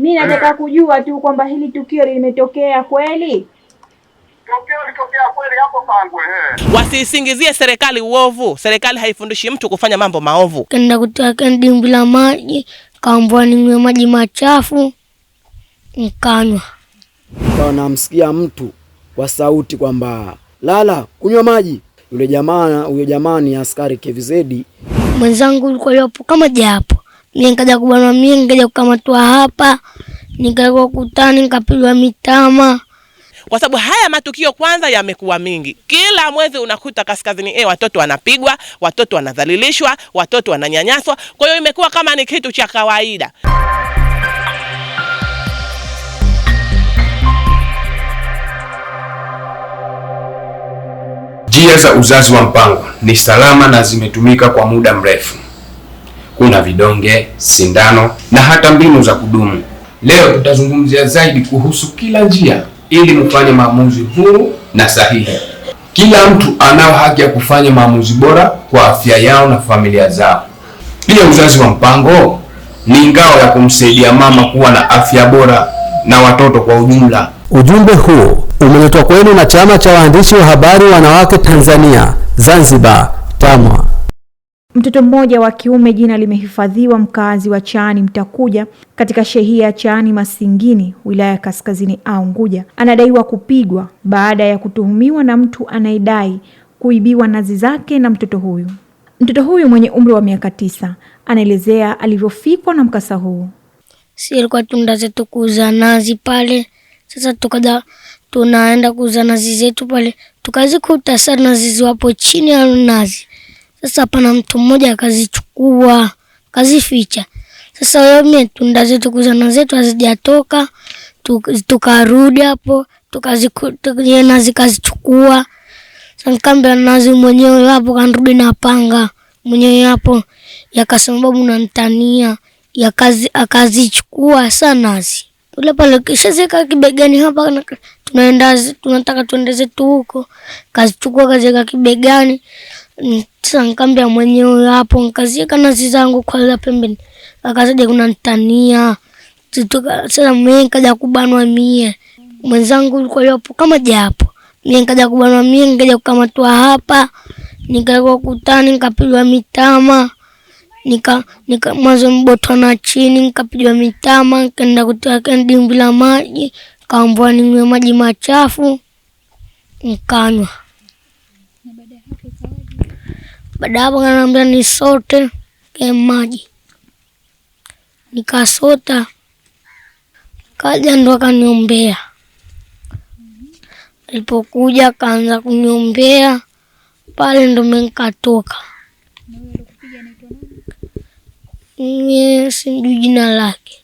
Mimi eh. nataka kujua tu kwamba hili tukio limetokea kweli. Eh. Wasiisingizie serikali uovu. Serikali haifundishi mtu kufanya mambo maovu. Kenda kutaka dimbwi la maji, kaambwa ninywe maji machafu, nkanywa. Kwa namsikia mtu kwa sauti kwamba lala, kunywa maji. Yule jamaa, huyo jamaa ni askari KVZ. Mwenzangu ulikuwa hapo kama japo mimi nikaja kubanwa, mimi nikaja kukamatwa hapa, nikawekwa kutani, nikapigwa mitama kwa sababu haya matukio kwanza yamekuwa mingi. Kila mwezi unakuta kaskazini e, watoto wanapigwa, watoto wanadhalilishwa, watoto wananyanyaswa. Kwa hiyo imekuwa kama ni kitu cha kawaida. Njia za uzazi wa mpango ni salama na zimetumika kwa muda mrefu kuna vidonge, sindano na hata mbinu za kudumu. Leo tutazungumzia zaidi kuhusu kila njia ili mfanye maamuzi huru na sahihi. Kila mtu anao haki ya kufanya maamuzi bora kwa afya yao na familia zao. Pia uzazi wa mpango ni ngao ya kumsaidia mama kuwa na afya bora na watoto kwa ujumla. Ujumbe huu umeletwa kwenu na Chama cha Waandishi wa Habari Wanawake Tanzania Zanzibar, TAMWA. Mtoto mmoja wa kiume jina limehifadhiwa, mkazi wa Chaani Mtakuja katika shehia ya Chaani Masingini, wilaya ya Kaskazini A Unguja, anadaiwa kupigwa baada ya kutuhumiwa na mtu anayedai kuibiwa nazi zake na mtoto huyu. Mtoto huyu mwenye umri wa miaka tisa anaelezea alivyofikwa na mkasa huu. Si ilikuwa tunda zetu kuuza nazi pale, sasa tukaja tunaenda kuuza nazi zetu pale, tukazikuta sana nazi ziwapo chini ya nazi sasa pana mtu mmoja akazichukua akazificha. Sasa wewe tunda zetu kuzana zetu hazijatoka, tukarudi hapo tukaziena zikazichukua. Sasa nikambe nazi mwenyewe hapo kanrudi na panga mwenyewe hapo, yakasema babu unanitania, akazichukua sana zi ule pale kisha zika kibegani hapa, tunaenda tunataka tuendeze tu huko, kazichukua kazi kaziweka kibegani sankamda mwenyewe hapo, nkazie kanasi zangu kwaza pembeni, akazaja kuna ntania sasa. Mie nikaja kubanwa mie, mwenzangu ulikuwa hapo kama japo mie nikaja kubanwa mie, nkaja kukamatwa hapa, nikawekwa kutani, nikapigwa mitama nika, nika mwanzo mbotwa na chini, nikapigwa mitama, nikaenda kutia dimbwi la maji, kaambwa ninywe maji machafu, nikanywa. Baada hapo kanaambia nisote ke maji, nikasota, kaja ndo akaniombea. Alipokuja kaanza kuniombea pale, ndo menkatoka nye sijui jina lake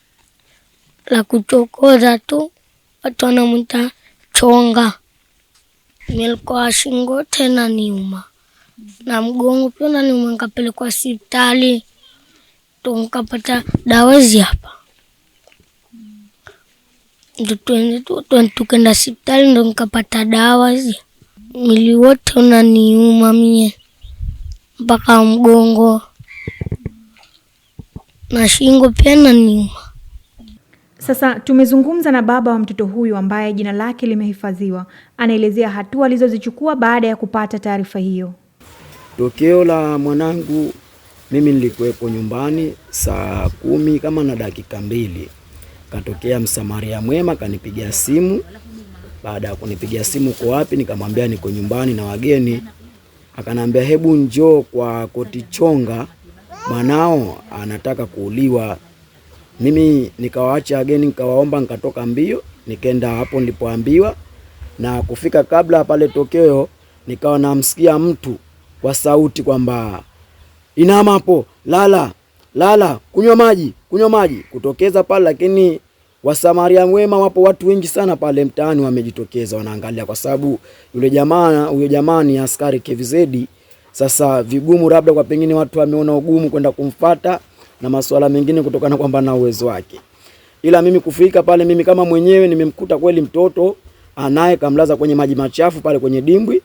la kuchokoza tu, watu wanamwita chonga. Nilikuwa shingo tena niuma na mgongo pia unaniuma, nikapelekwa hospitali to nikapata dawezi hapa ndo tukenda hospitali ndo nikapata dawa hizi. Mwili wote unaniuma mie mpaka mgongo na shingo pia naniuma. Sasa tumezungumza na baba wa mtoto huyu ambaye jina lake limehifadhiwa, anaelezea hatua alizozichukua baada ya kupata taarifa hiyo. Tokeo la mwanangu, mimi nilikuwepo nyumbani saa kumi kama na dakika mbili, katokea msamaria mwema kanipigia simu. Baada ya kunipigia simu, uko wapi? Nikamwambia niko nyumbani na wageni. Akanambia hebu njoo kwa koti chonga, mwanao anataka kuuliwa. Mimi nikawaacha wageni, nikawaomba, nikatoka mbio, nikaenda hapo nilipoambiwa, na kufika kabla pale tokeo, nikawa namsikia mtu kwa sauti kwamba inama hapo, lala lala, kunywa maji, kunywa maji, kutokeza pale. Lakini Wasamaria wema wapo watu wengi sana pale mtaani, wamejitokeza wanaangalia, kwa sababu yule jamaa huyo jamaa ni askari KVZ. Sasa vigumu labda kwa pengine watu wameona ugumu kwenda kumfata na masuala mengine, kutokana kwamba na uwezo wake. Ila mimi kufika pale, mimi kama mwenyewe nimemkuta kweli mtoto anaye kamlaza kwenye maji machafu pale kwenye dimbwi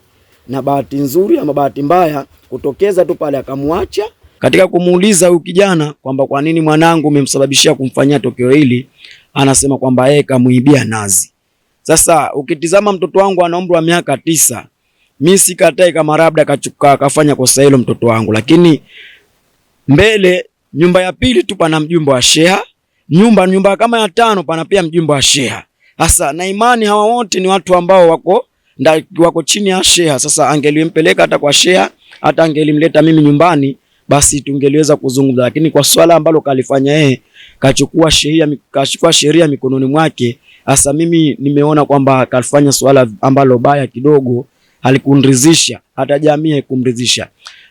na bahati nzuri ama bahati mbaya kutokeza tu pale akamwacha. Katika kumuuliza huyu kijana kwamba kwa nini mwanangu umemsababishia kumfanyia tokeo hili, anasema kwamba yeye kamuibia nazi. Sasa ukitizama mtoto wangu ana umri wa miaka tisa, mimi sikatai kama labda kachuka kafanya kosa hilo mtoto wangu, lakini mbele nyumba ya pili tu pana mjumbe wa sheha, nyumba nyumba kama ya tano pana pia mjumbe wa sheha. Sasa na imani hawa wote ni watu ambao wako nda wako chini ya Sheha. Sasa angelimpeleka hata kwa Sheha, hata angelimleta mimi nyumbani, basi tungeliweza kuzungumza, lakini kwa swala ambalo kalifanya yeye, kachukua sheria, kachukua sheria mikononi mwake. Sasa mimi nimeona kwamba kalifanya swala ambalo baya kidogo, halikunridhisha, hata jamii haikumridhisha.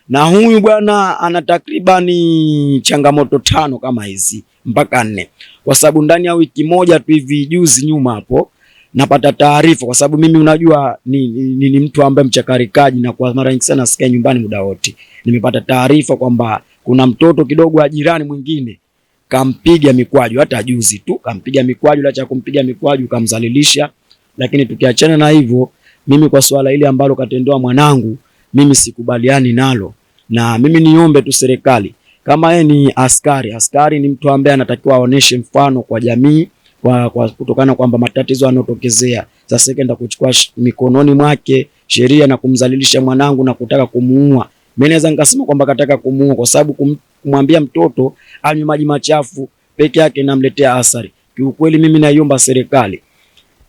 Na huyu bwana ana takribani changamoto tano kama hizi mpaka nne, kwa sababu ndani ya wiki moja tu hivi juzi nyuma hapo napata taarifa, kwa sababu mimi unajua ni, ni, ni, ni mtu ambaye mchakarikaji, na kwa mara nyingi sana sikae nyumbani muda wote. Nimepata taarifa kwamba kuna mtoto kidogo wa jirani mwingine kampiga mikwaju, hata juzi tu kampiga mikwaju, la cha kumpiga mikwaju kamzalilisha. Lakini tukiachana na hivyo, mimi kwa swala ile ambalo katendoa mwanangu, mimi sikubaliani nalo, na mimi niombe tu serikali, kama yeye ni askari, askari ni mtu ambaye anatakiwa aoneshe mfano kwa jamii kwa, kwa kutokana kwamba matatizo yanotokezea sasa ikaenda kuchukua mikononi mwake sheria na kumzalilisha mwanangu na kutaka kumuua. Mimi naweza nikasema kwamba kataka kumuua kwa sababu kum, kumwambia mtoto anywe maji machafu peke yake namletea athari. Kiukweli mimi naiomba serikali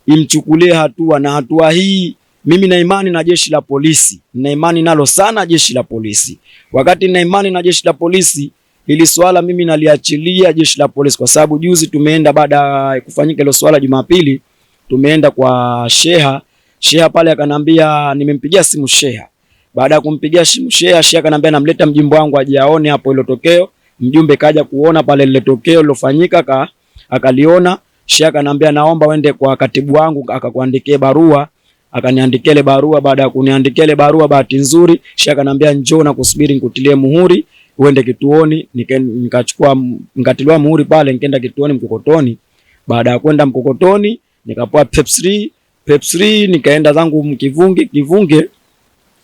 imchukulie hatua, na hatua hii mimi na imani na jeshi la polisi, na imani nalo sana jeshi la polisi. Wakati na imani na jeshi la polisi Hili swala mimi naliachilia jeshi la polisi, kwa sababu juzi tumeenda baada ya kufanyika hilo swala Jumapili, tumeenda kwa sheha. Sheha pale akanambia, nimempigia simu sheha. Baada ya kumpigia simu sheha, sheha akanambia namleta mjumbe wangu aje aone hapo ile tokeo. Mjumbe kaja kuona pale ile tokeo lilofanyika, ka akaliona. Sheha akanambia, naomba wende kwa katibu wangu akakuandikie barua akaniandikia ile barua. Baada ya kuniandikia ile barua, bahati nzuri sheha akanambia, njoo na kusubiri nikutilie muhuri uende kituoni, nikachukua nikatiliwa muhuri pale, nikaenda kituoni Mkokotoni. Baada ya kwenda Mkokotoni nikapoa pep 3 pep 3 nikaenda zangu Mkivunge, Kivunge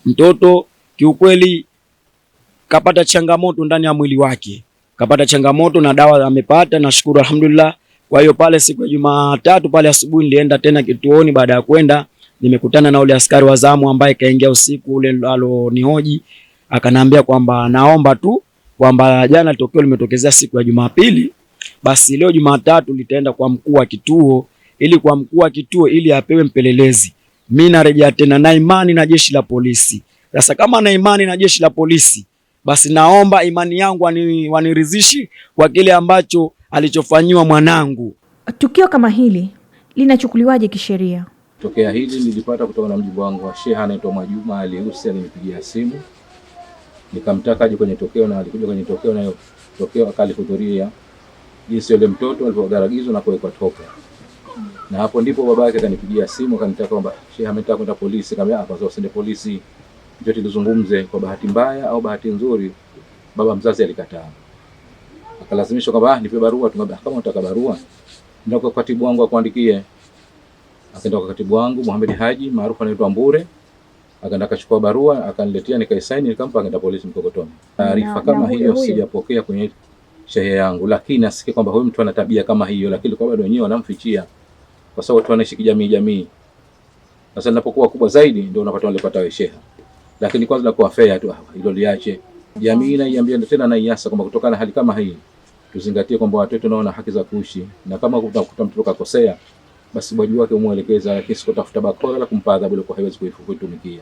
mtoto kiukweli kapata changamoto ndani ya mwili wake, kapata changamoto na dawa amepata, nashukuru alhamdulillah. Kwa hiyo pale siku ya Jumatatu pale asubuhi nilienda tena kituoni. Baada ya kwenda nimekutana na ule askari wa zamu ambaye kaingia usiku ule alonihoji, akanambia kwamba naomba tu kwamba jana tokeo limetokezea siku ya Jumapili, basi leo Jumatatu litaenda kwa mkuu wa kituo ili kwa mkuu wa kituo ili apewe mpelelezi. Mimi narejea tena na imani na jeshi la polisi. Sasa kama na imani na jeshi la polisi, basi naomba imani yangu wanirizishi kwa kile ambacho alichofanyiwa mwanangu. Tukio kama hili linachukuliwaje kisheria? Tokea hili nilipata kutoka na mjibu wangu wa sheha anaitwa Mwajuma Ali Husi, alinipigia simu nikamtaka aje kwenye tokeo na alikuja kwenye tokeo, na tokeo akalihudhuria jinsi yule mtoto alivyogaragizwa na kuwekwa tope. Na hapo ndipo baba yake akanipigia simu akanitaka kwamba shehe ametaka kwenda polisi, kama hapa ah, sasa usende polisi, ndio tulizungumze. Kwa bahati mbaya au bahati nzuri, baba mzazi alikataa, akalazimishwa kwamba ah, nipe barua. Tungamwambia ah, kama unataka barua ndio kwa katibu wangu akuandikie. Akaenda kwa katibu wangu Mohamed Haji maarufu anaitwa Mbure akaenda akachukua barua akaniletea, nikaisaini, nikampa, akaenda polisi Mkokotoni. Taarifa kama na hiyo sijapokea kwenye shehe yangu, lakini nasikia kwamba huyu mtu ana tabia kama hiyo, lakini kwa bado wenyewe wanamfichia kwa sababu watu wanaishi kijamii jamii. Sasa ninapokuwa kubwa zaidi ndio unapata wale pata wewe sheha, lakini kwanza la kuwa fair tu ah, hilo liache jamii na iambie tena na iasa kwamba kutokana na hali kama hii tuzingatie kwamba watoto nao na haki za kuishi, na kama utakuta mtu akakosea basi bwaji wake umwelekeza, lakini si bakora la kumpa adhabu, haiwezi kuitumikia.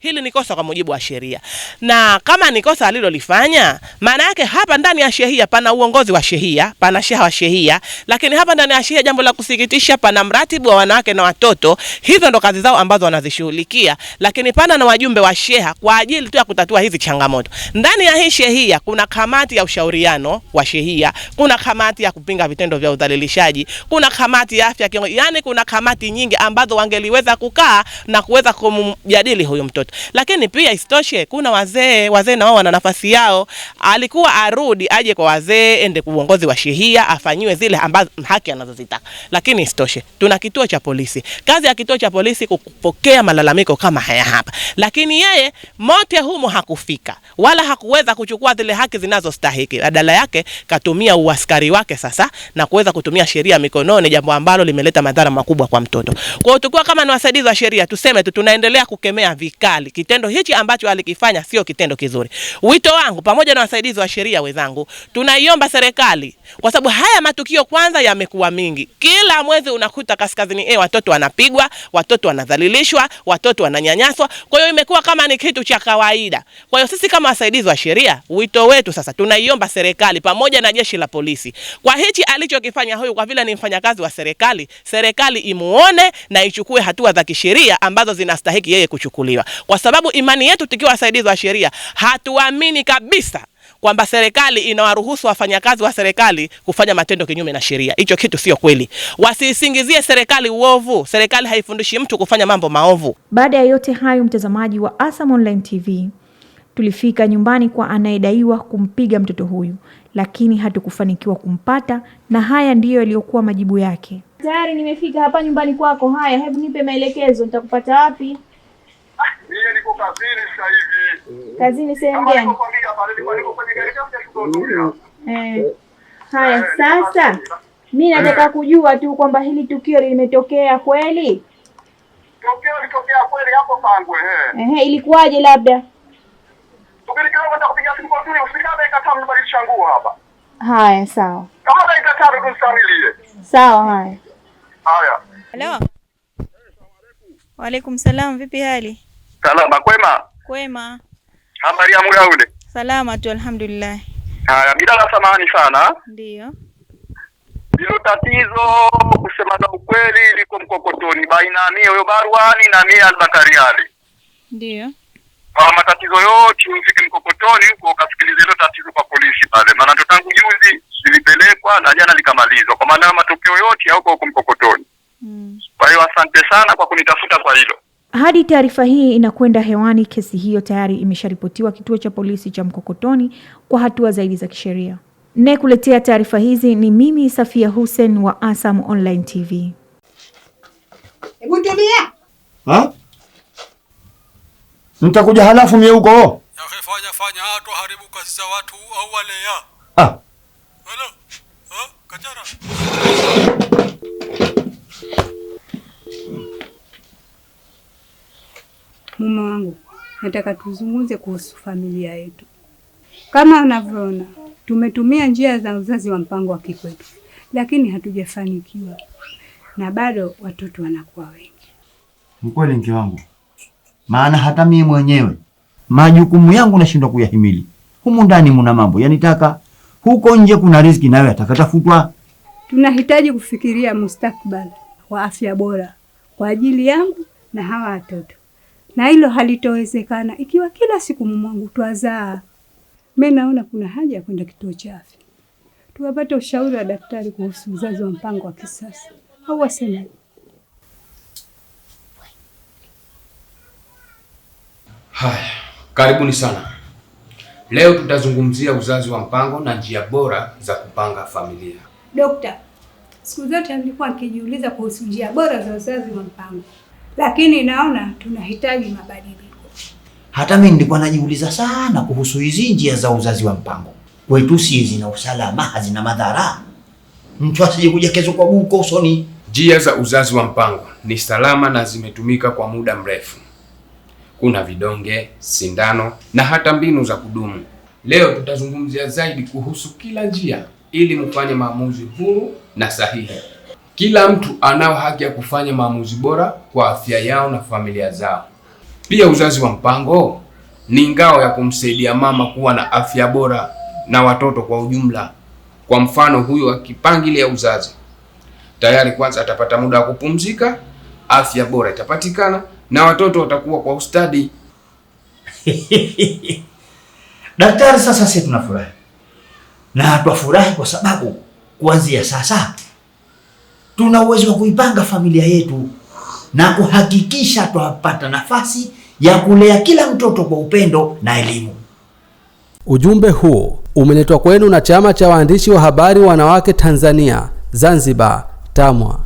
Hili ni kosa kwa mujibu wa sheria, na kama ni kosa alilolifanya, maana yake hapa ndani ya shehia pana uongozi wa shehia, pana sheha wa shehia, lakini hapa ndani ya shehia, jambo la kusikitisha, pana mratibu wa wanawake na watoto. Hizo ndo kazi zao ambazo wanazishughulikia, lakini pana na wajumbe wa sheha kwa ajili tu ya kutatua hizi changamoto. Ndani ya hii shehia kuna kamati ya ushauriano wa shehia, kuna kamati ya kupinga vitendo vya udhalilishaji, kuna kamati ya afya, yani kuna kamati nyingi ambazo wangeliweza kukaa na kuweza kumjadili huyu mtoto watoto. Lakini pia isitoshe, kuna wazee, wazee na wao wana nafasi yao. Alikuwa arudi aje kwa wazee, ende uongozi wa shehia, afanyiwe zile ambazo haki anazozitaka. Lakini isitoshe, tuna kituo cha polisi. Kazi ya kituo cha polisi kupokea malalamiko kama haya hapa, lakini yeye mote humo hakufika wala hakuweza kuchukua zile haki zinazostahiki. Badala yake katumia uaskari wake sasa na kuweza kutumia sheria mikononi, jambo ambalo limeleta madhara makubwa kwa mtoto. Kwa hiyo tukiwa kama ni wasaidizi wa sheria, tuseme tu tunaendelea kukemea vika serikali. kitendo hichi ambacho alikifanya sio kitendo kizuri. Wito wangu pamoja na wasaidizi wa sheria wenzangu, tunaiomba serikali, kwa sababu haya matukio kwanza yamekuwa mingi, kila mwezi unakuta kaskazini e, watoto wanapigwa, watoto wanadhalilishwa, watoto wananyanyaswa. Kwa hiyo imekuwa kama ni kitu cha kawaida. Kwa hiyo sisi kama wasaidizi wa sheria, wito wetu sasa, tunaiomba serikali pamoja na jeshi la polisi, kwa hichi alichokifanya huyu, kwa vile ni mfanyakazi wa serikali, serikali imuone na ichukue hatua za kisheria ambazo zinastahiki yeye kuchukuliwa kwa sababu imani yetu tukiwa wasaidizi wa sheria hatuamini kabisa kwamba serikali inawaruhusu wafanyakazi wa serikali kufanya matendo kinyume na sheria. Hicho kitu sio kweli, wasiisingizie serikali uovu. Serikali haifundishi mtu kufanya mambo maovu. Baada ya yote hayo, mtazamaji wa Asam Online TV, tulifika nyumbani kwa anayedaiwa kumpiga mtoto huyu, lakini hatukufanikiwa kumpata, na haya ndiyo yaliyokuwa majibu yake. Tayari nimefika hapa nyumbani kwako. Haya, hebu nipe maelekezo, nitakupata wapi? Mimi niko kazini sasa hivi. Mm-hmm. Kazini sehemu gani? Mm-hmm. Eh. Eh. Eh, haya sasa, mi nataka kujua tu kwamba hili tukio limetokea kweli. Tukio litokea kweli hapo Pangwe. Ehe, ilikuwaje labda? Haya sawa. Sawa haya. Haya. Hello. Waalaikum salam, vipi hali? Salama kwema? Kwema. Habari ya muda ule? Salama tu alhamdulillah. Haya, bila la samahani sana. Ndio. Hilo tatizo kusema na ukweli liko mkokotoni baina ya mimi huyo Barwani na mimi Albakari Ali. ndio Kwa ah, matatizo yote ufike mkokotoni huko ukasikiliza hilo tatizo kwa polisi pale. Maana ndo tangu juzi lilipelekwa na jana likamalizwa. Kwa maana matokeo yote yako huko mkokotoni. Mm. Kwa hiyo asante sana kwa kunitafuta kwa hilo. Hadi taarifa hii inakwenda hewani, kesi hiyo tayari imesharipotiwa kituo cha polisi cha Mkokotoni kwa hatua zaidi za kisheria. Nayekuletea taarifa hizi ni mimi Safia Hussein wa Asam Online TV. Hebu tulia. Ha? Mtakuja halafu mie huko. fanya fanya hatu haribu kazi za watu au wale ya. Ah. Hello. Ha? Kajara. mume wangu, nataka tuzungumze kuhusu familia yetu. Kama unavyoona, tumetumia njia za uzazi wa mpango wa kikwetu, lakini hatujafanikiwa na bado watoto wanakuwa wengi. Mkweli mke wangu, maana hata mimi mwenyewe majukumu yangu nashindwa kuyahimili. Humu ndani muna mambo yanitaka, huko nje kuna riziki nayo atakatafutwa. Tunahitaji kufikiria mustakbal wa afya bora kwa ajili yangu na hawa watoto na hilo halitowezekana ikiwa kila siku mumwangu twazaa. Mi naona kuna haja ya kwenda kituo cha afya tuwapate ushauri wa daktari kuhusu uzazi wa mpango wa kisasa, au waseme Haya, karibuni sana. Leo tutazungumzia uzazi wa mpango na njia bora za kupanga familia. Dokta, siku zote nilikuwa nikijiuliza kuhusu njia bora za uzazi wa mpango lakini naona tunahitaji mabadiliko. Hata mimi nilikuwa najiuliza sana kuhusu hizi njia za uzazi wa mpango kwetu si zina usalama, hazina madhara, mtu asije kuja kesho kwa buko usoni. Njia za uzazi wa mpango ni salama na zimetumika kwa muda mrefu. Kuna vidonge, sindano na hata mbinu za kudumu. Leo tutazungumzia zaidi kuhusu kila njia ili mfanye maamuzi huru na sahihi. Kila mtu anao haki ya kufanya maamuzi bora kwa afya yao na familia zao. Pia uzazi wa mpango ni ngao ya kumsaidia mama kuwa na afya bora na watoto kwa ujumla. Kwa mfano, huyu akipangilia uzazi tayari, kwanza atapata muda wa kupumzika, afya bora itapatikana na watoto watakuwa kwa ustadi. Daktari, sasa sisi tunafurahi na twafurahi kwa sababu kuanzia sasa tuna uwezo wa kuipanga familia yetu na kuhakikisha twapata nafasi ya kulea kila mtoto kwa upendo na elimu. Ujumbe huu umeletwa kwenu na Chama cha Waandishi wa Habari Wanawake Tanzania Zanzibar, TAMWA.